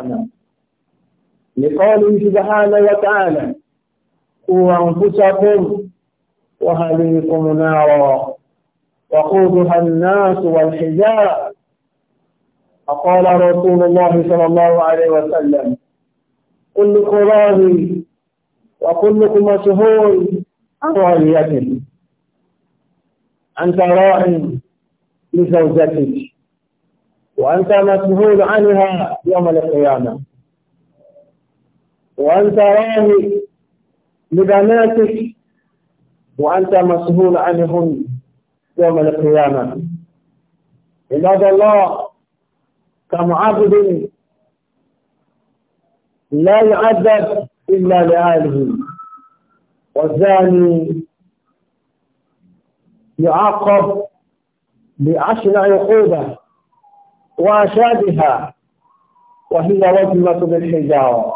السماء لقوله سبحانه وتعالى قوا أنفسكم وهليكم نارا وقودها الناس والحجارة فقال رسول الله صلى الله عليه وسلم كل راضي وكلكم مسؤول عن رعيته أنت لزوجتك وأنت مسؤول عنها يوم القيامة وأنت راهي لبناتك وأنت مسؤول عنهم يوم القيامة عباد الله كم عبد لا يعذب إلا لأهله والزاني يعاقب بعشر عقوبة وأشادها وهي وجمة بالحجارة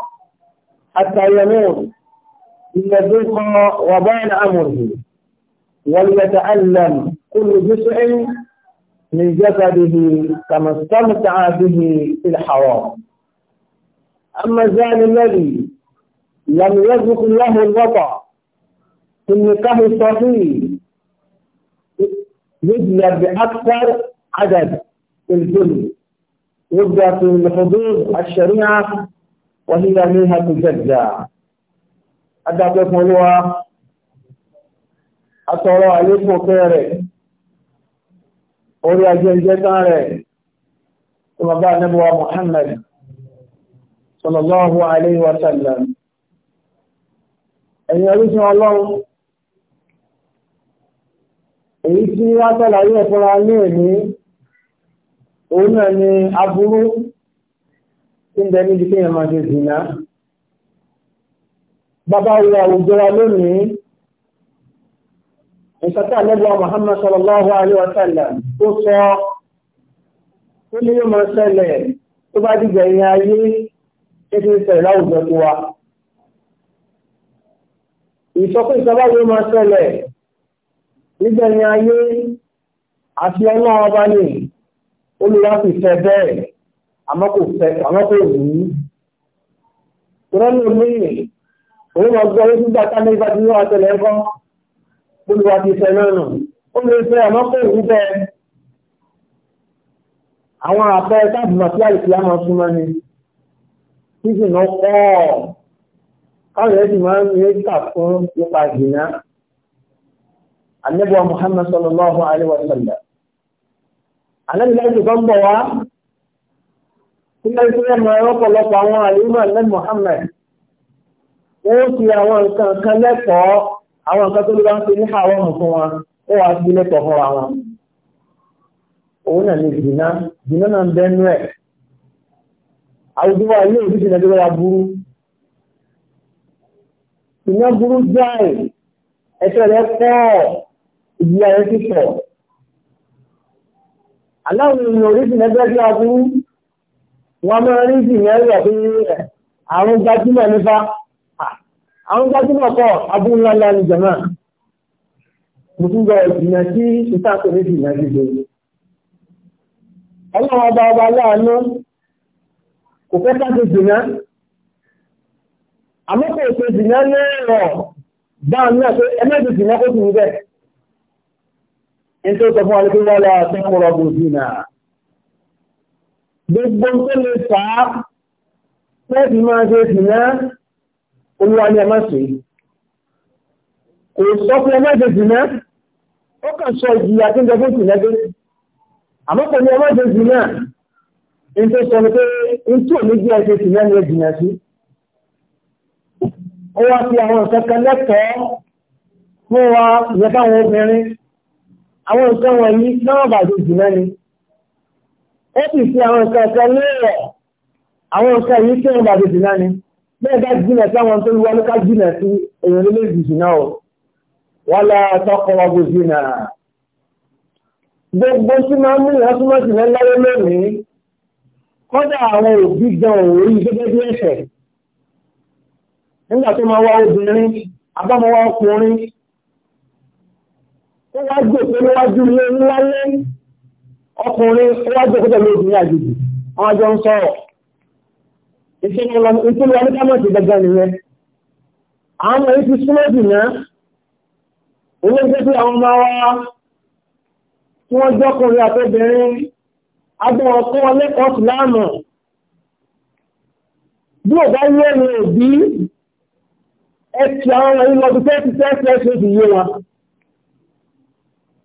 حتى يموت ليذوق وبال أمره وليتألم كل جزء من جسده كما استمتع به في الحرام أما الزان الذي لم يذوق له الوطى في النكاح الصحيح يجلب بأكثر عدد في الجن يبدأ في الحدود الشريعة وهي منها تجزى أدعى الله أترى عليكم خيرا orí ajẹ́jẹ́ tán rẹ̀ tó bàbá anábọ̀wà Muhammad sallallahu alayhi wa sallam ẹ̀yìn orísun ọlọ́run èyí tí wá sọ́lá yẹ́ fọ́ra ní èní òun náà ni aburú tí ń bẹ níbi kí èèyàn máa ṣe zìnà bàbá wo àwùjọ wa lónìí ìṣàtà lẹ́gbọ́ Muhammad sallallahu alaihi wa sallam tó sọ tó ní yóò máa ṣẹlẹ̀ tó bá dìgbà ìyẹn ayé ètò ìṣẹ̀lẹ̀ láwùjọ tó wa ìsọkún ìsọba yóò máa ṣẹlẹ̀ nígbà ìyẹn ayé àti ọlọ́run ọba nìyí olùwà sì fẹ́ bẹ́ẹ̀ àmọ́ kò fẹ́ àmọ́ kò wù ú. ìrọ́lù mi òun lọ gbọ́ yóò gbà tá ní ìbàdí ní àtẹlẹ ẹ̀kọ́ olùwà sì fẹ́ náà nù ó lè fẹ́ àmọ́ kò wù bẹ́ẹ̀. àwọn àpẹẹrẹ táàbù màtí àìsí àmọ́ súnmọ́ ni títí náà pọ̀ káwọn ẹ̀sìn máa ń rí kà fún ipa ìgbìnà. Ànábì Muhammad sallallahu alaihi wa sallam àlẹ́bìlẹ́sì ọ̀pọ̀lọpọ̀ àwọn àlùmọ̀ lẹ́nu Muhammad wọ́n fi àwọn nǹkan kan lẹ́kọ̀ọ́ àwọn nǹkan tó ló bá ń fi ní àwọn nǹkan wọn ó wàá fi lẹ́kọ̀ọ́ fúnra wọn. òun náà ni jìnnà jìnnà náà ń bẹ́nu ẹ̀ àwùjọ wa ilé ìlú burú. jìnnà burú jáì ẹ̀ṣẹ̀ rẹ̀ pọ̀ ìjìyà rẹ̀ aláwọn ènìyàn oríṣi lẹ́gbẹ́sí aburú wọn máa rí sí mẹ́rẹ̀ pé àrùn gbajúmọ̀ nípa àrùn gbajúmọ̀ kọ aburú ńláńlá ní jẹ̀mọ́ mo tún gba ìjìnà sí ìtàkùn méjì náà dìde ọlọ́run ọba ọba láàánú kò fẹ́ káàkiri jìnà àmọ́ kò fẹ́ jìnà lẹ́rọ̀ báwọn náà pé ẹgbẹ́ jìnà kó tún bẹ́ẹ̀ tó sọ fún alẹ́kùn wọ́n lára tí kọ́rọ̀ bó sí náà gbogbo tó lè fà á lẹ́ẹ̀fì máa ṣe sì náà olúwa ni a máa ṣe kò sọ fún ọmọ ìṣe sì náà ó kàn sọ ìjìyà tí ń jẹ fún sì náà àmọ́ pẹ̀lú ọmọ ìṣe sì náà ní tó sọ pé ní tí òní jẹ́ ìṣe sì náà ni ẹ jìnà sí ó wá fi àwọn ìṣẹ́kẹ́ lẹ́kọ̀ọ́ fún wa ìyẹn àwọn nǹkan wọ̀nyí náà bàjẹ́ jùlọ ni ó sì fi àwọn nǹkan kan lóòrọ̀ àwọn nǹkan yìí kí wọ́n bàjẹ́ jùlọ ni bẹ́ẹ̀ bá jìnà sí àwọn tó ń wọlé ká jìnà sí èèyàn lé jìnà o wọ́n lọ tọkọ ọgbọ jìnà gbogbo tí máa ń mú ìyá súnmọ́ jìnà lọ́wọ́ lónìí kọ́dà àwọn òbí gan òórí gẹ́gẹ́ bí ẹ̀ṣẹ̀ nígbà tó máa wá obìnrin abámọ́wá ọkùnrin ó wá gbèsè níwájú ilé ńlá lé ọkùnrin ó wá gbèsè pẹ̀lú obìnrin àjèjì àwọn àjọ ń sọ̀rọ̀ ìṣẹ́ni ìṣẹ́ni wọn ní kámọ̀tì gbẹgbẹ nìyẹn àwọn ọmọ yìí ti súnmọ́ jù náà owó ń pèsè àwọn ọmọ wa tí wọ́n jọ́kùnrin àtọ́bìnrin agbọ́n ọkọ́ wọn lẹ́kọ̀ọ́ síláàmù bí ò bá yé ẹ̀rọ òbí ẹ̀ ti àwọn ọmọ yìí lọ́dún tẹ́tí tẹ́tí ẹ̀ ṣe ti yé wa.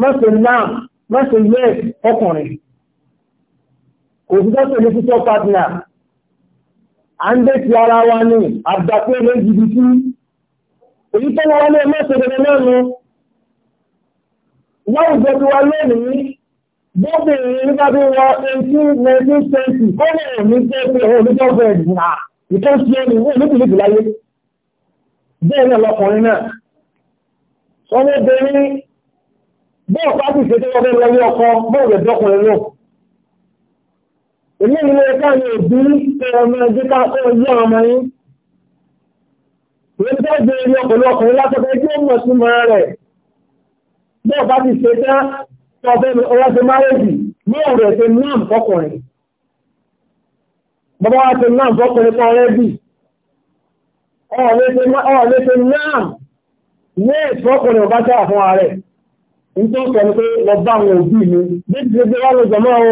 mọ́sẹ̀ náà mọ́sẹ̀ yẹ́ ọkùnrin òṣìṣẹ́ pẹ̀lú títọ́ partner a ń dé ti ara wa ní àgbàpẹ́ ilé jìbìtì èyí tó wọ́n ní mọ́sẹ̀ rẹ̀ náà nu láwùjọ tí wà lónìí bóbìnrin nígbà bí wọ eighteen nineteen twenty kọ́nà òní jẹ́ pé òun ní girlfriend nà ìtọ́sí ẹni wọ́n ní kìlìkì láyé bẹ́ẹ̀ náà lọkùnrin náà sọ́mọ́bìnrin bọ́ọ̀ bá sì ṣe tó wọ́n fẹ́ lọ ní ọkọ bọ́ọ̀ rẹ̀ dọ́kùnrin náà èmi ìlú ẹ̀ka ni òbí ọmọ ẹgbẹ́ ká kọ́ yé ọmọ yín ìwé tó gbé ní ọkùnrin ọkùnrin látọ̀kọ́ ẹgbẹ́ mọ̀ sí mọ́ rẹ̀ bọ́ọ̀ bá sì ṣe tán tọ́fẹ́ ọwọ́ ṣe márèjì bọ́ọ̀ rẹ̀ ṣe náà fọkùnrin bọ́ọ̀ wá ṣe náà nítorí sọ ni pé lọ bá àwọn òbí mi bí ti ṣe gbé wá lọ jọmọ́ o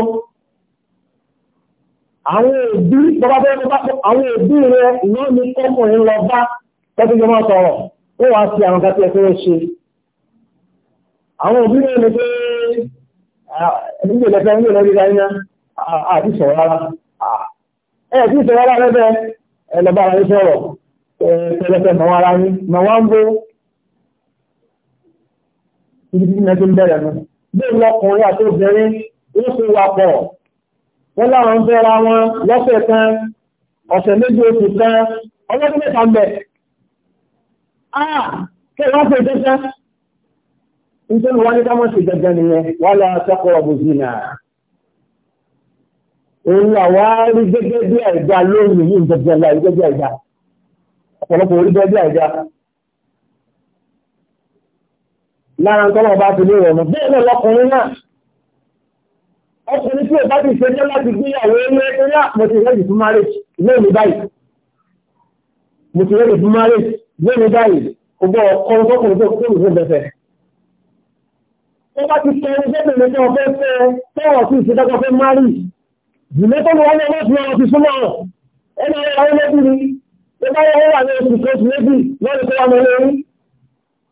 àwọn òbí bọ́bá bẹ́ẹ̀ bọ́bá àwọn òbí rẹ náà ni kọ́kùnrin lọ bá tẹ́tí jọmọ́ sọ̀rọ̀ ó wàá fi àwọn kàtí ẹ̀kọ́ ṣe àwọn òbí rẹ ni pé nígbè lẹ́fẹ́ nígbè lọ́rí ráyíná àti sọ̀rọ̀ rárá ẹ̀ tí sọ̀rọ̀ rárá rẹ́ bẹ́ẹ̀ ẹ̀ lọ bá ara ibi tí mẹ́tí ń bẹ̀rẹ̀ nù. Bí lọkùnrin àti obìnrin ń fi wà pọ̀, wọ́n láwọn ń fẹ́ra wọn lọ́sẹ̀ kan, ọ̀sẹ̀ méjì oṣù kan, ọlọ́dún mẹ́ta ń bẹ̀. Á kí wọ́n fi dẹ́sẹ́. Nítorí wọ́n ní ká mọ̀ sí gẹ́gẹ́ nìyẹn, wọ́n lọ sẹ́kọ̀ọ́ ọ̀bùsùn náà. Òun àwa rí gẹ́gẹ́ bí àìdá lónìí ní àìdá lára ń tọ́lọ̀ bá ti lé rẹ̀ mọ́ bẹ́ẹ̀ náà náà ọkùnrin tí o bá ti ṣe jẹ́ láti gbéyàwó ilé ilé ah, mo ti rẹ́dì fún marriage lónìí báyìí mo ti rẹ́dì fún marriage lónìí báyìí ọgbọ́n ọkùnrin tó kùnrin tó kùnrin tó bẹ̀fẹ̀. ó bá ti kẹrin bẹ́ẹ̀ lè jẹ́ ọ̀fẹ́ fẹ́ tọ́wọ̀ sí ìṣẹ́dọ́gbọ́n fẹ́ márì jùlẹ́ tó lọ wọlé ọlọ́sùn ọ̀rọ̀ ti súnmọ́ ẹni ọ̀rọ̀ ọlọ́sùn ni ó bá wọ́n wà ní oṣù kẹ́sì méjì lọ́dún tó wà ní olórí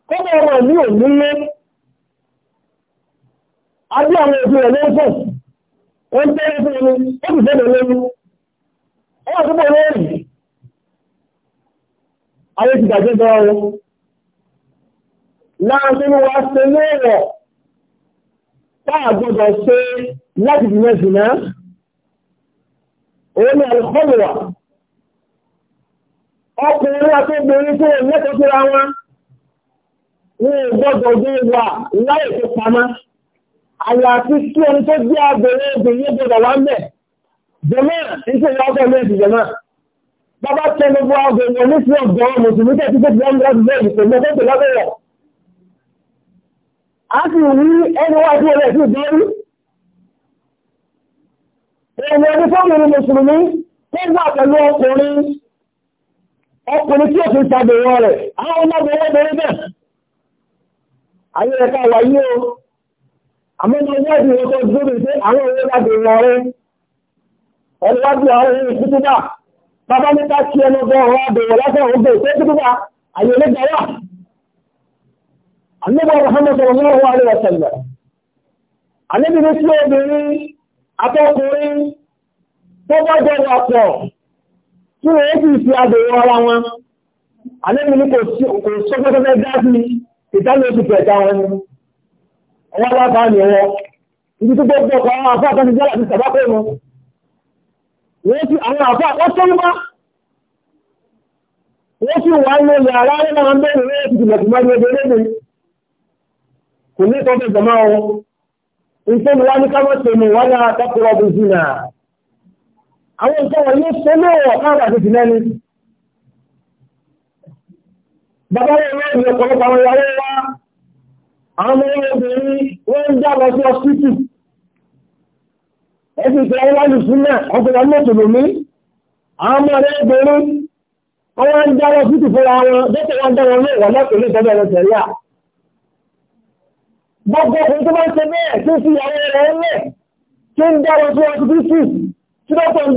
kọ́mọ ọmọ mi ò nílé adé àwọn òbí rẹ̀ lọ́sọ̀ wọ́n ń tẹ́lẹ̀ fún mi ó sì tẹ́lẹ̀ lẹ́nu ọwọ́ tó bọ̀ lórí ayé ti dàjẹ́ gan ọ́rọ́ láàrin wa ṣe léèrọ̀ táà gbọ́dọ̀ ṣe láti fi mẹ́sìn náà òun ni àlùkọ́lùwà ọkùnrin wa tó gbèrú tó lẹ́kọ̀ọ́ síra wọn ní ìgbọ́dọ̀ bí wà láì fi pamọ́. Àyàfi kí ẹni tó jẹ́ abẹ̀rẹ̀ obìnrin gbọ́dọ̀ wá ń bẹ̀. Jẹ̀mọ́ ìṣẹ̀lẹ̀ ọkọ̀ méjì jẹ̀mọ́. Bàbá tẹ gbogbo ọgbẹ̀rẹ̀ ní sí ọgbọ̀n mùsùlùmí tẹ̀ tí tẹ̀sí ọmọ láti bẹ́ẹ̀ ìpè mọ́ tó lọ́bẹ̀rẹ̀. A sì rí ẹni wá sí ẹlẹ́ sí ìbéèrú. Èèyàn ní fọ́ọ̀mù mùsùlùmí tó gbà pẹ̀lú ọkùnrin. Ọkùnrin tí ò fi ṣàbẹ̀wọ̀ rẹ̀, àwọn ọmọbìnrin bẹ̀rẹ̀ bẹ̀rẹ̀ ayé ẹ̀ka wà yí o àmọ́ ní ọjọ́ ìdìbò tó gbóbi pé àwọn òwe láti rìn ọ̀rẹ́ ẹni wá bí ọ̀rẹ́ rìn kútúbà bàbá mi ká kí ẹnu bọ́ ọ̀rọ̀ àbẹ̀wò lásán òun bẹ̀ ṣé kútúbà ayé lè gbà wà. àníbọ̀ Muhammad sallallahu alaihi wasallam àníbi ní sí obìnrin atọ́kùnrin tó bá jẹ́ ọ̀pọ̀ tí wọ́n ti fi àbẹ̀wò ara wọn àníbi ní kò sọ́kọ́sọ́kọ́ dá sí ìtàlẹ̀ oṣù kẹta wọn ni ọwọ́ aláfáà ni ọwọ́ ibi tó gbogbo ọkọ̀ àwọn àfáà kan ti jẹ́ àti sàbápẹ́ wọn wọ́n ti àwọn àfáà wọ́n tó wá wọ́n sì wà ní ilẹ̀ ara rẹ̀ náà ń bẹ̀rẹ̀ rẹ̀ ti jùlọ jùlọ ní ọdún lẹ́nu kò ní tọ́jú ìjọba wọn nǹkan ni wá ní ká mọ́tò ní wọ́n náà tọ́kùrọ̀ bí jìnnà àwọn nǹkan wọn yóò sọ àti jìnnà Bàbá yẹn rẹ̀ ní ọ̀pọ̀lọpọ̀ àwọn ìyàwó wa, àwọn ọmọ obìnrin wọ́n ń jábọ̀ sí ọsítì. Ẹ̀sìn ìṣẹ́ wọn lálù fún náà, ọgbẹ̀rẹ̀ mọ́tòlómí, àwọn ọmọ rẹ̀ obìnrin, wọ́n ń jábọ̀ sí ti fúnra wọn, dẹ́tẹ̀ wọn dá wọn lóòwà lọ́pẹ̀lú ìtọ́jú ẹ̀rọ tẹ̀lé à. Gbogbo ọkùnrin tó bá ń ṣe bẹ́ẹ̀ tó fi ìyàwó rẹ̀ ń lẹ̀, tó ń jábọ̀ sí ọsítì, tí wọ́n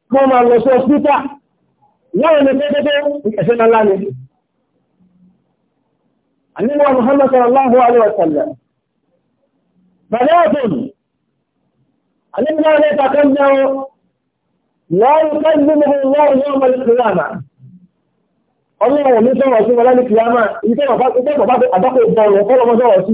wọ́n máa lọ sí ọ̀sítà láwọn ní pẹ́pẹ́pẹ́ ẹ̀ṣẹ́ ńlá ni. Àníwá Muhammad sallallahu alaihi wa sallam. Bàbá ọ̀tún, àníwá ní ìtàkàn jẹ́ láàrín kẹ́gbẹ́ mọ́ láàrín yóò mọ́ ìkìláàmà. Ọlọ́run ní sọ̀rọ̀ sí wọn láti kìláàmà, ìtẹ́ bàbá àbákò ìbọn rẹ̀ kọ́lọ́mọ́ sọ̀rọ̀ sí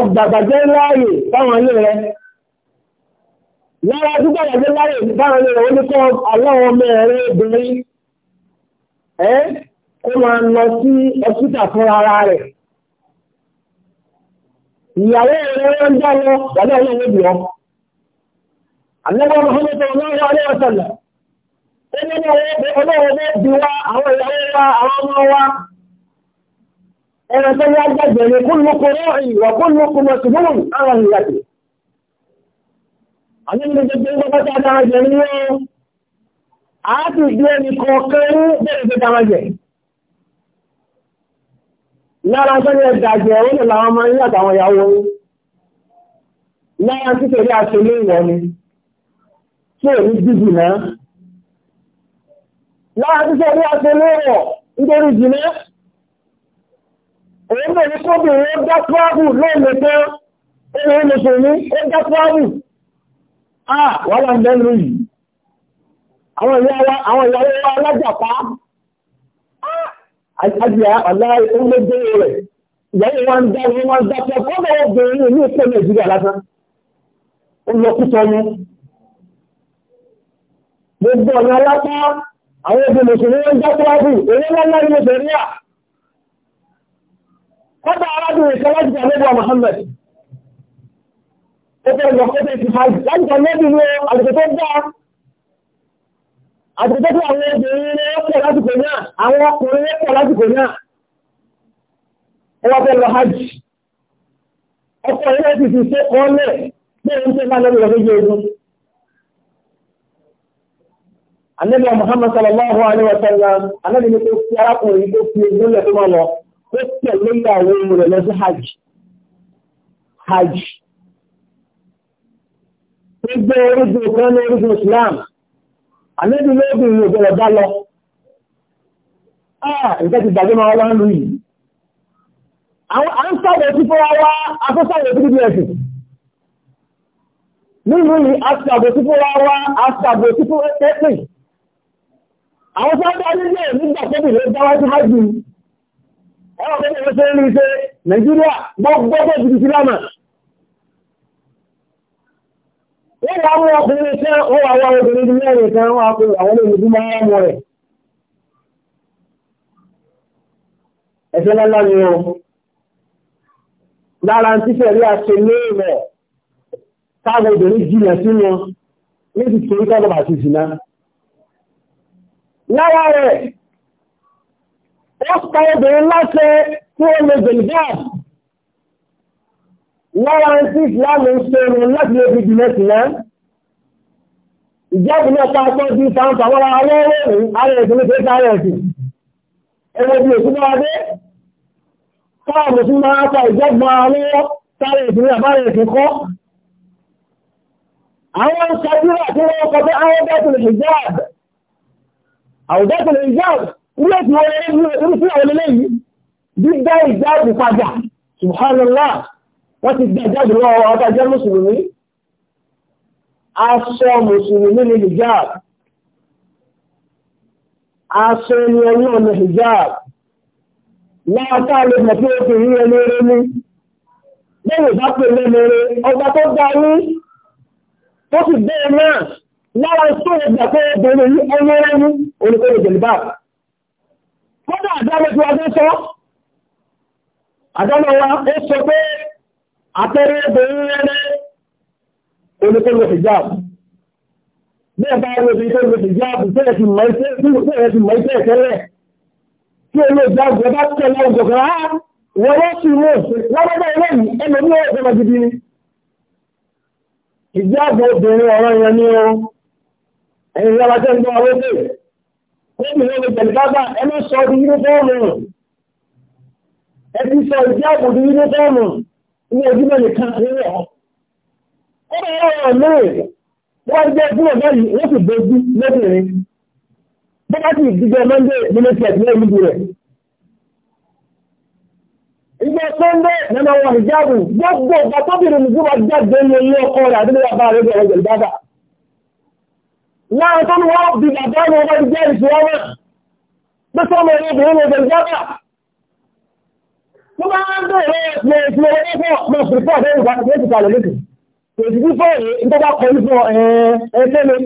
ọgbàgbàjẹ́ láàyè fáwọn ilé rẹ̀ lára tó gbàgbàjẹ́ láàyè fáwọn ilé rẹ̀ ó ní kọ́ aláwọ̀ ọmọ ẹ̀rẹ́ obìnrin ẹ́ kó máa lọ sí ọsítà fún ara rẹ̀ ìyàwó ẹ̀rẹ́ lọ ẹ̀rọ tó ní agbẹ́gbẹ̀ ní kúlùkù rọ́ọ̀rì wà kúlùkù mọ̀sùlùmù àwọn ìyàtì. Àwọn ìgbẹ̀gbẹ̀ ìgbẹ̀gbẹ̀ dáwàjẹ̀ ní wọ́n, a ti gbé ẹni kọ̀ọ̀kan ní bẹ̀rẹ̀ dáwàjẹ̀. Lára tó ní ẹ̀dàjẹ̀ òun làwọn máa ń yàtàwọn ìyàwó wọn. nítorí jìnnà òun náà ní kóbìnrin ó dá tíwábù lóòmù tán obìnrin mùsùlùmí ó dá tíwábù ah wàhálà ń bẹ́ẹ̀ lóyìí àwọn ìyàwó alájàpá àjìyà ọ̀láì oúnjẹ rẹ̀ ìyàwó wọn dá wọn wọn dá tọ́ fọ́nà obìnrin ní ìpẹ́ nàìjíríà lásán ó lọ kútọ́ ní gbogbo ọ̀nà alápá àwọn obìnrin mùsùlùmí ó dá tíwábù òun lọ́lá ní nàìjíríà kọ́dà arábìnrin kan láti jàmẹ́bọ̀ Muhammad ó fẹ́ lọ fẹ́ ti hajj láti jàmẹ́bì ní àdìgbò tó dá àdìgbò tó àwọn obìnrin ní ọ̀pọ̀ lásìkò náà àwọn ọkùnrin ní ọ̀pọ̀ lásìkò náà ó wá fẹ́ lọ hajj ọkọ̀ ilé ti fi ṣe kọ́ lẹ̀ pé ń tẹ́ ní kó fi ó tẹ̀lé rẹ̀ lọ sí hajj hajj gbogbo orígun kan ní orígun Islam àníbi lóògùn ìgbẹ̀rẹ̀ bá lọ ah nǹkan ti gbàgbé máa wá ń lù àwọn àǹsàwọ̀ tí fọ́wọ́ wá afẹ́sàwọ̀ tí bí ẹ̀sìn nínú àṣàbò tí wá àṣàbò tí Ẹwọ́n tó ṣe ṣe rí ṣe Nàìjíríà gbọ́gbọ́gbọ́ ti fi lámà. Wọ́n wá mú ọkùnrin tí ó wà wá obìnrin ní ẹ̀rẹ̀ kan wá pé àwọn olùdí máa ń mọ̀ rẹ̀. Ẹ̀ṣẹ́ lọ́lá ni ó. Lára ń tíṣẹ̀ rí àṣẹ lóòrẹ̀ táwọn obìnrin jìnà sínú ní ti torí kábàbà ti jìnà. Lára rẹ̀, wọ́n pa obìnrin láṣẹ tí ó lè gbèlúgbà lára ń tí ìsìláàmù ń ṣe irun láti lè fi jùlọ sí náà ìjẹ́bù náà pa ọkọ̀ bí fàǹfà wọ́n ara lọ́wọ́ ara ẹ̀sìn ní kéka ara ẹ̀sìn ẹ̀rọ bí òkú náà dé káà mùsùlùmí máa pa ìjẹ́bù ara lọ́wọ́ sáré ẹ̀sìn ní àbára ẹ̀sìn kọ́ àwọn ìṣàkíyà tí wọ́n kọ́ pé àwọn bẹ́ẹ̀ tó lè hijab àwọn bẹ́ẹ̀ tó lè hijab Ilé tí wọ́n rí irúfẹ́ àwọn eléyìí, dídá ìjáàbù padà, subhanallah, wọ́n ti gbé ìjáàbù lọ́wọ́ ọba jẹ́ Mùsùlùmí. Aṣọ Mùsùlùmí ni hijab. Aṣọ ni ẹni ọ̀nà hijab. Láàtà lè mọ̀ pé ó fi rí ẹni eré ní. Bẹ́ẹ̀ni bá pè lẹ́nu eré, ọba tó dá ní, tó sì bẹ́ẹ̀ náà, lára tó ẹgbà pé obìnrin ẹni eré ní, oníkó ìjẹ̀lú kódà àdáwọ̀ tí wọ́n sọ àdáwọ̀ wa ó sọ pé àtẹ́rẹ́ obìnrin rẹ̀ olùkọ́lù hijab ní ẹ̀bá olùkọ́lù ìkọ́lù hijab tẹ́ẹ̀ ti mọ̀ iṣẹ́ ìtẹ́lẹ̀ tí olùjáàbù ọba tẹ́lẹ̀ ọgbọ̀gbọ̀ á ah, wọ́n wọ́n sì mú lọ́wọ́dá ilé yìí ẹnu ní ọ̀sẹ̀ lọ gidi ni hijab obìnrin ọ̀rọ̀ yẹn ní ẹ̀yìn lọ́wọ́dá ń gbọ́ ọwọ́ Gómìnà lè jẹ̀lú bábà ẹ má sọ di yúnífọ́ọ̀mù. Ẹ ti sọ ìdí àbò di yúnífọ́ọ̀mù ní ojúmọ̀ nìkan nílẹ̀ ọ́. Ó bá yọ̀ ọ̀ lóòrè. Wọ́n jẹ́ fún ọ̀gá yìí, wọ́n sì dojú lóbìnrin. Bí wọ́n sì dìgbẹ́ Mọ́ndé nínú ti ẹ̀dínlẹ̀ níbi rẹ̀. Ìgbà Sọ́ndé nínú àwọn gbogbo ọ̀gá tóbìnrin nìgbà rẹ̀ àdúgbò bàbá rẹ̀ bẹ̀rẹ̀ jẹ̀lú bábà láàá tó ní wọ́n bí bàbá ní ọmọ ìjẹ́ ìṣòwọ́n náà bí sọ́mọ ní obìnrin ní ọjọ́ ìjọba tó bá ń bèèrè ẹ̀sìn ẹ̀sìn ọwọ́ ní fún ọmọ òṣìṣẹ́ ọ̀dọ́ ìgbà tó ti kalẹ̀ lókè kò sí fífọ́ yìí ń tó bá kọ fífọ́ ẹ̀ẹ́dẹ́ mi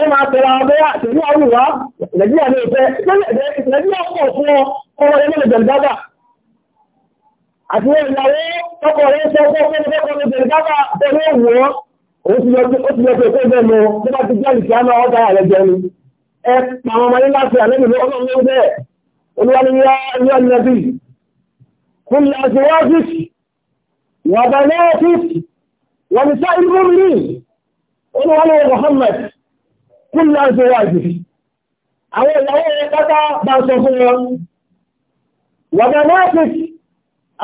ẹ máa tẹ̀lé àwọn ọmọ àtẹ̀lé àwùwá nàìjíríà ní ìfẹ́ nàìjíríà pọ̀ fún ọmọ ẹgbẹ́ òun ti yọ pé kó bẹ́ẹ̀ mọ́ tó bá ti jáde kí á máa ọ́dà rẹ̀ jẹ ni ẹ pa àwọn ọmọdé láti àlẹ́bí ní ọlọ́run ló bẹ́ẹ̀ olúwa ni yá ní ọ̀nà bí fún láti wọ́fíìs wà bá ní ọ́fíìs wà ní sá ìlú mi olúwa ni Muhammad fún láti wọ́fíìs àwọn ìyàwó rẹ̀ pátá bá sọ fún wọn wà bá ní ọ́fíìs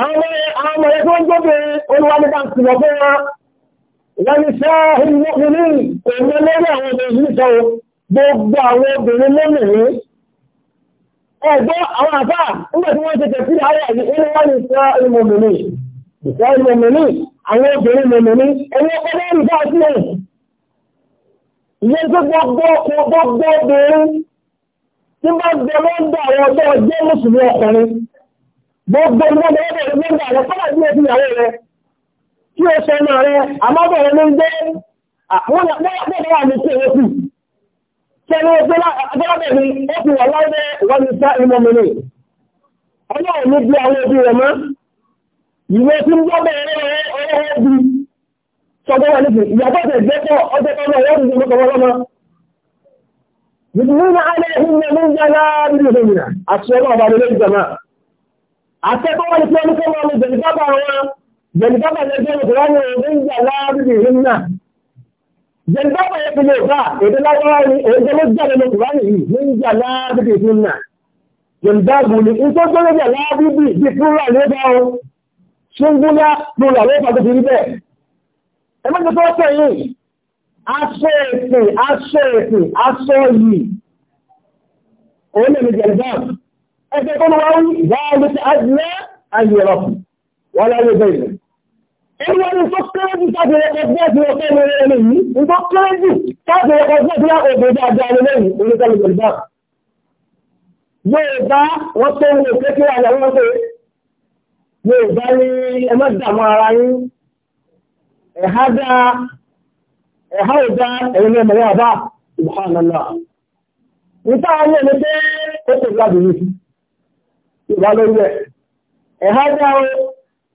àwọn ọmọ rẹ̀ tó ń gbóbe olúwa ni bá ń sùn wọ́n sọ ọmọbìnrin òun lórí àwọn obìnrin sọ gbogbo àwọn obìnrin lónìí ẹgbẹ́ àwọn àbá nígbàtí wọ́n tètè sí ààrẹ inú wọ́n ní sọ ìmọ̀mìnì ìsọ ìmọ̀mìnì àwọn obìnrin mọ̀mìnì ẹni ọkọ̀ bá rí bá sílẹ̀ ìyẹn tó gbogbo ọkọ̀ gbogbo obìnrin tí bá gbẹ lọ́dọ̀ àwọn ọjọ́ ọjọ́ mùsùlùmí ọkùnrin gbogbo ọmọdé ọdọ̀ ọdọ̀ ọdọ̀ ọdọ̀ tí ó ṣe náà rẹ àmọ́bẹ̀rẹ̀ ló ń gbé àwọn ọ̀pẹ́lẹ́pẹ́lẹ́ àmì tí ó kù tẹ́lú ọgbẹ́lábẹ̀rẹ̀ ó fi wà lábẹ́ wọ́n ní sá ìmọ̀ mẹ́lẹ̀ ọlọ́run ní bí àwọn òbí rẹ̀ mọ́ ìwé tí ń gbọ́ bẹ̀rẹ̀ rẹ̀ ọlọ́run bí sọgbọ́n wà nípa ìyàtọ̀ tẹ̀ gbẹ́tọ̀ ọjọ́ tọ́lọ́ wọ́n ní ọmọ ọmọ ọmọ يدنون عليهم من جلابيبهن أشهد أن لا إله إلا الله أشهد أن محمدا رسول الله Jalbaba na jẹ́ Ìkùránì òun yà láàrùbì himna. Jalbaba ya fi lè fa èdè lágbára ni èdè ló jáde lọ Ìkùránì yìí ní yà láàrùbì himna. Jalbaba ni ìtọ́ tó yà láàrùbì bí plural ló bá o. Ṣúngúlá plural ló fàtó fi rí bẹ́ẹ̀. Ẹ mọ́ tó tọ́ yìí. Aṣọ ẹ̀sìn, aṣọ ẹ̀sìn, aṣọ yìí. Òun lè ní Jalbaba. Ẹgbẹ́ tó lọ wá wí, ìdáyà ló ti á wọ́n láyé bẹ́ẹ̀ Ẹgbẹ́ ní tó kéré jù tàbí ẹgbẹ́ tí ó fẹ́ ní ẹni yìí, ní tó kéré jù tàbí ẹgbẹ́ tí ó fẹ́ ní ẹni lẹ́yìn oníkẹ́lẹ̀ Yorùbá. Yorùbá wọ́n tó ń lè kékeré àwọn ọmọ pé Yorùbá ní ẹmọ́ ìdààmú ara yín.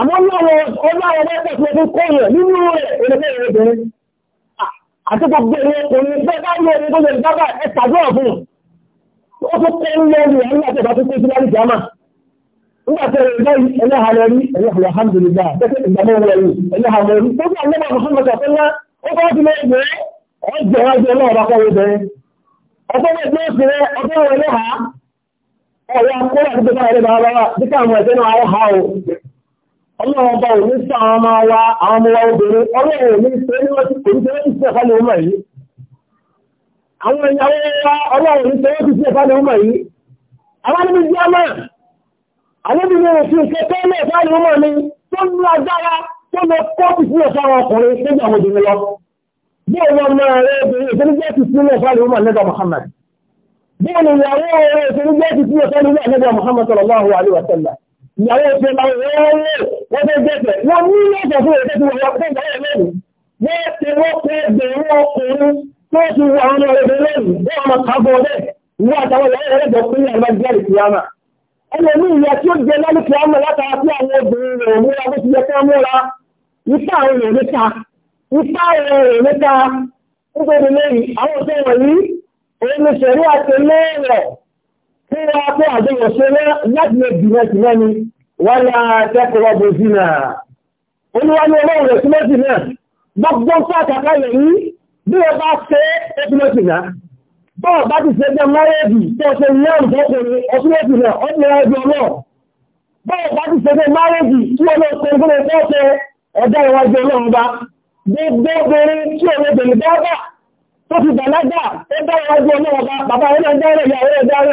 Àmọ́ láwọn ọláwọ̀ mẹ́ta tó fún kọ́yọ̀ nínú rẹ̀ olùgbẹ̀rẹ̀ obìnrin. Àti gbogbo ẹ̀rẹ́ obìnrin bẹ́ẹ̀ bá yẹ ẹni tó lè dábà ẹ̀ta gbọ́ọ̀ fún. Ó tún kọ́ ń lọ ní ẹ̀yìn àti ìbátúkú sí láti jámà. Nígbà tí ẹ̀rẹ́ ìgbà yìí ẹlẹ́hà lọ rí ẹlẹ́hà lọ hàmdùlùgbà bẹ́ẹ̀ ìgbàmọ́ wọ̀ rí ẹlẹ́hà lọ rí. Gbogbo àwọn ọmọ Mùsùlùmí sọ fún wọn, ó bá ti lọ ẹgbẹ́ ẹgbẹ́ ọjọ́ náà bá kọ́wé bẹ́ẹ̀. Ọjọ́ ẹgbẹ́ òṣèré ọjọ́ ẹlẹ́hà ọ̀rẹ́ akọ́lá àti gbogbo àwọn ẹlẹ́hà bí káwọn ẹgbẹ́ náà á ọlọ́run ọba ò sí àwọn ọmọ wa àwọn ọmọ obìnrin ọlọ́run ò ní sí ẹni ti kò ní sẹ́yìn yìí àwọn ìyàwó wa ọlọ́run ò ní sẹ́yìn sí ẹ̀fọ́ ni wọ́n yìí àwọn jẹ́ ọmọ àwọn obìnrin ò fi tẹ́lẹ̀ ẹ̀fọ́ ni wọ́n mọ̀ tó ń lọ agbára tó lọ kọ́ ti sí ẹ̀fọ́ àwọn ọkùnrin tó jẹ́ àwọn obìnrin lọ bí ọmọ ọmọ rẹ obìnrin ìṣẹ́ni ìyàwó rẹ ìṣẹ́ni jẹ́ ti sílẹ̀ ẹ̀fọ́ ni wọ́n mọ̀ nígbà Muhammad sallallahu alaihi wa sallam wọ́n ní lẹ́sẹ̀ fún èdè tí wọ́n wọ́n fún ìdáyẹ̀ lẹ́nu wọ́n ti wọ́n pé bẹ̀rẹ̀ ọkùnrin tó ti wọ àwọn ọmọdé lẹ́nu wọ́n máa kàbọ̀ ọdẹ wọ́n àtàwọn ìyá ẹlẹ́dọ̀ fún ìyá ìbá jẹ́ ìfìyàmà ẹlẹ́mí ìyá tí ó jẹ lálùkì àmà látara sí àwọn obìnrin rẹ̀ múra bó ti yẹ kí wọ́n múra ipa àwọn èrè níta ipa àwọn èrè níta nítorí lẹ́yìn àwọn òṣèré wọ̀nyí òun ni ṣẹ̀rí àti lẹ́ẹ̀rẹ̀ tí wọ́n á pé àjọyọ̀ ṣe láti lè dìbò sí lẹ́ni wọ́n ní akẹ́kọ̀ọ́ bó sí náà olúwa ní ọlọ́run rẹ̀ sí méjì náà gbogbo ń fún àtàkálẹ̀ yìí bí wọ́n bá ṣe é sí méjì náà bọ́ọ̀ bá ti ṣe jẹ́ márẹ́ẹ̀dì tó ṣe lẹ́rù fọ́kùnrin ọdún méjì náà ọdún ẹgbẹ́ ọlọ́ọ̀ bọ́ọ̀ bá ti ṣe jẹ́ márẹ́ẹ̀dì tí ọlọ́ọ̀kùnrin fún ẹgbẹ́ ọ̀ṣẹ́ ẹ̀dá ìwájú ọlọ́run bá gbogbo obìnrin tí ọlọ́ọ̀kùnrin bá bá tó ti bàlágà ẹ̀dá ìwájú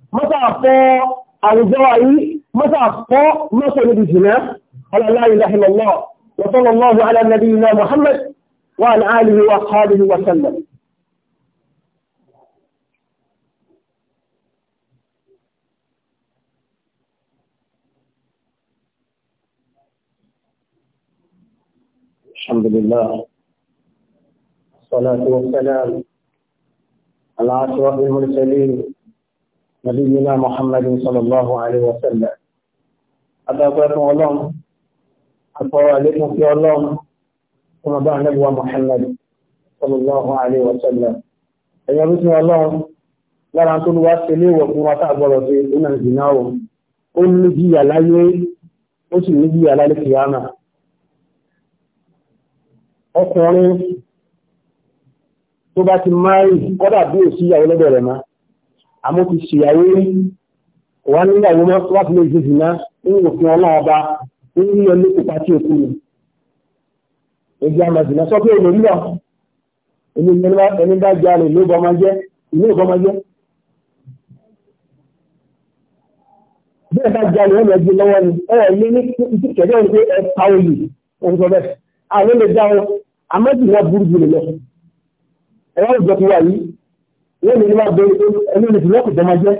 mọ́sà fọ́ àwùjọ ayé mọ́sà fọ́ mọ́sà níbi jìnà aláàlá ilaha illallah wa sallallahu ala nabiyyina muhammad wa ala alihi wa sahbihi wa sallam الحمد لله والصلاة والسلام على أشرف المرسلين نبينا محمد صلى الله عليه وسلم أتاكم الله أتوى عليكم في الله ثم بعد نبوة محمد صلى الله عليه وسلم أيها بسم الله لا رأنتم واسلي وقوة أبوة إن الزناو قل نجي علي قل نجي على القيامة ọkùnrin tó bá ti máa rí kọ́dà bí òsíyàwó lọ́dọ̀ máa àmọ́ ti ṣèyàwó rí wà níyàwó wá fi lè ṣe jìnnà ń òfin ọlọ́ọba ń rí ọ lóko pàtí òkú mi èdè àmàjìnà sọ pé èlò ńlọ èmi ẹni bá jẹ àrè ló bọmọ jẹ ìlú ìbọmọ jẹ bẹ́ẹ̀ bá jẹ àrè ọmọ ẹgbẹ́ lọ́wọ́ ni ọwọ́ ilé ní kẹjọ ń pé ẹ pa olè òun sọ bẹ́ẹ̀ àwọn olè dá wọn àmọ́ jù wọn burú jù lọ ẹ̀rọ ìjọ ti wà yìí wọ́n lè níwá bẹ ẹni lè fi lọ́kù jọmọ jẹ́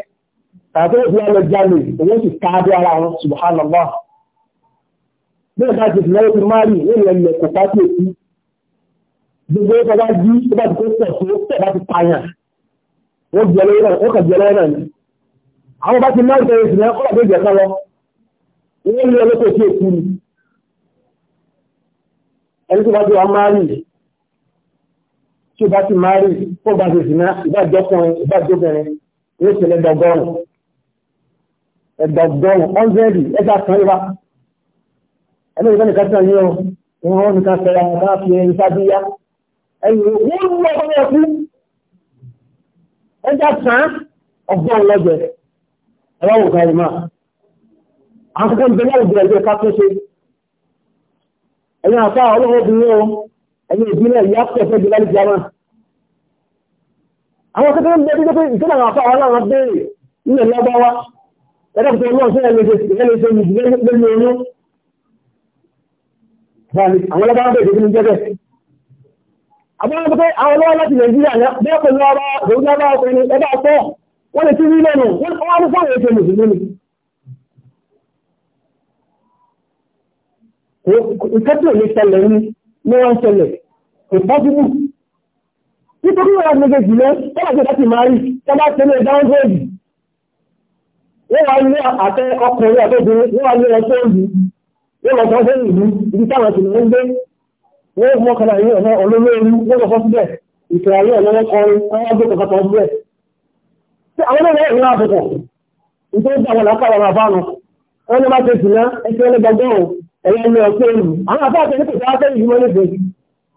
tàbí ó fi wá lọ jalè òun sì ká bí ara wọn subhanallah bẹ́ẹ̀ bá ti fi lọ́wọ́ fi máa rí wọ́n lè lẹ̀ kó pa sí èkú gbogbo ó bá jí ó bá ti kó pọ̀ tó tẹ̀ bá ti pààyàn wọ́n jẹ lọ́wọ́ náà wọ́n kà jẹ lọ́wọ́ náà ni àwọn bá ti máa tẹ̀lé ìsìnkú ọ̀la tó jẹ kan lọ wọ́n lè lọ́kọ̀ sí èkú ẹni tó bá ti wà máa tí o bá ti máa rí kó o bá ti sì náà ìbájọkùnrin ìbájọbìnrin yóò ṣe lẹ́dọ̀gọ́rùn ẹ̀dọ̀gọ́rùn ọ̀nzẹ́ẹ̀dì ẹ̀dá kan rí wa ẹlẹ́yìn tó nìkan tán ní ọ wọn wọn nìkan fẹ́ra wọn máa fi ẹyin sábí yá ẹyin wọn ń lọ ọmọ ẹkú ẹ̀dá kan ọgbọ́n lọ́jọ́ ẹ̀rọ wò ká ìmọ̀ àwọn akẹ́kọ̀ọ́ ìbẹ̀rẹ̀ ìbẹ̀rẹ̀ ìbẹ̀rẹ̀ ká tó ṣe ẹ̀yin àfa ọlọ́wọ́ obìnrin ẹni ìpínlẹ̀ ìyá pẹ̀fẹ́ jù lálẹ́ jama àwọn kẹta ń bẹ tó pé ìtọ́nà àwọn afọ àwọn àwọn béèrè nílẹ̀ lọ́gbàwá ẹ̀dá pẹ̀lú ọlọ́run sẹ́yìn lè ṣe ìrẹ́lẹ̀ ṣe ìdílé lórí oyún àwọn lọ́gbàwá bẹ̀rẹ̀ tó ń jẹ́ bẹ́ẹ̀ àbúrò pé àwọn ọlọ́wọ́ láti nàìjíríà bẹ́ẹ̀ pẹ̀lú ọba òun lábá ọkùnrin ẹ̀dá ọ̀pọ̀ wọ́n lè ti rí lẹ́nu wọ́n wá ní fáwọn èso mùsùlùmí ìkẹ́tù ní ṣẹlẹ̀ ìpọ́sílù nítorí wọ́n méjèèjì lọ tọ́lájẹ́ láti máa rí tọ́lá tẹ́lẹ̀ dáńgọ́ọ̀dì wọ́n wá ní àtẹ ọkùnrin àtọ́bìnrin wọ́n wá ní ọjọ́ òyìn wọ́n lọ sọ́sẹ́ ìlú ibi táwọn ti ń gbé wọ́n mọ́ kan láyé ọ̀nà olólórí wọ́n lọ sọ́síbẹ̀ ìtìràlẹ́ ọ̀nà kọrin wọ́n wá gbé kankan tó síbẹ̀ tí àwọn náà ìlú àbùkọ̀ nítorí táwọn lápára máa bá wọn wọ́n ní má ṣe jìnnà ẹsẹ̀ ẹlẹ́gbẹ̀gbọ́n ẹ̀yẹ́ ní ọ̀sẹ̀ ìlú àwọn àfáàfẹ́ ní kò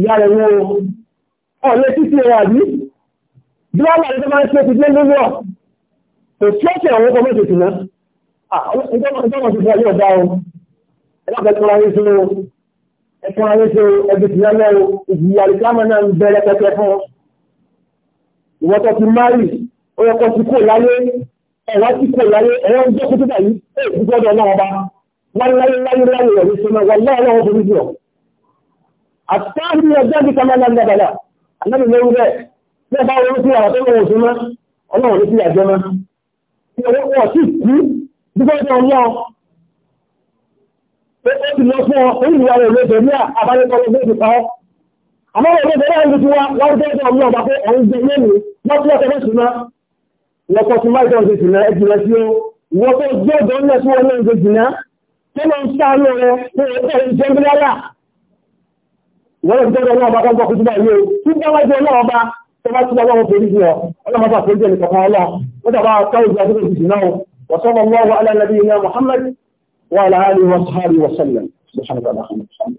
ìyá rẹ̀ wo ọ̀lẹ́ títí ẹ̀rọ àbí dúrọ́lá ní tó máa ń ṣe ti gbé lórí ọ̀ kò tí ó ṣe àwọn ọkọ̀ mẹ́tò tì náà ìjọba ti fún ayé ọ̀dá o ẹlọ́pàá ẹ̀kọ́ ayé ṣe ẹ̀kọ́ ayé ṣe ẹbí ti yá lọ́wọ́ ìjìyà ìsámọ́ náà ń bẹ̀rẹ̀ pẹ́pẹ́ fún ìwọ́tọ̀ ti márì ó yẹ kó ti kó láyé ẹ̀wá ti kó láyé ẹ̀rọ ń jẹ́ kó tó báyìí ó ìgbọ́dọ̀ náà ọba wọ́n láyé láyé láyé rẹ̀ ní sọ́nà wọ́n láyé lọ́wọ́ àtàrí ọjọ́ bí kamala ń dàgbàlá àlẹ́bí ló ń bẹ́ẹ̀ bẹ́ẹ̀ bá wọn sí àwọn tó wọ̀ sí mọ́ ọlọ́run ló sí àjọ mọ́ tí ọwọ́ pọ̀ sí kú dúpẹ́ ní ọlọ́ pé ó ti lọ fún ọ olùwà rẹ̀ lóde ní àbálẹ́kọ̀ lóde ti pa ọ́ àmọ́ rẹ̀ lóde láì lóde wa wọ́n tẹ́ ọjọ́ ọlọ́ ọba pé òun jẹ lẹ́nu lọ́pọ̀ ọjọ́ sí mọ́ lọ́pọ̀ sí máa ìjọba ìjìnà ẹjìnà sí ó wọ́n tó gbọ́dọ̀ ń lọ sí wọn náà ìjìnà tó lọ ń sá lọ rẹ̀ tó lọ ń jẹ́ ìwọ́n ti tẹ́lẹ̀ ọlọ́ọ̀bá kan gbọ́ kújú báyìí o tí bá wájú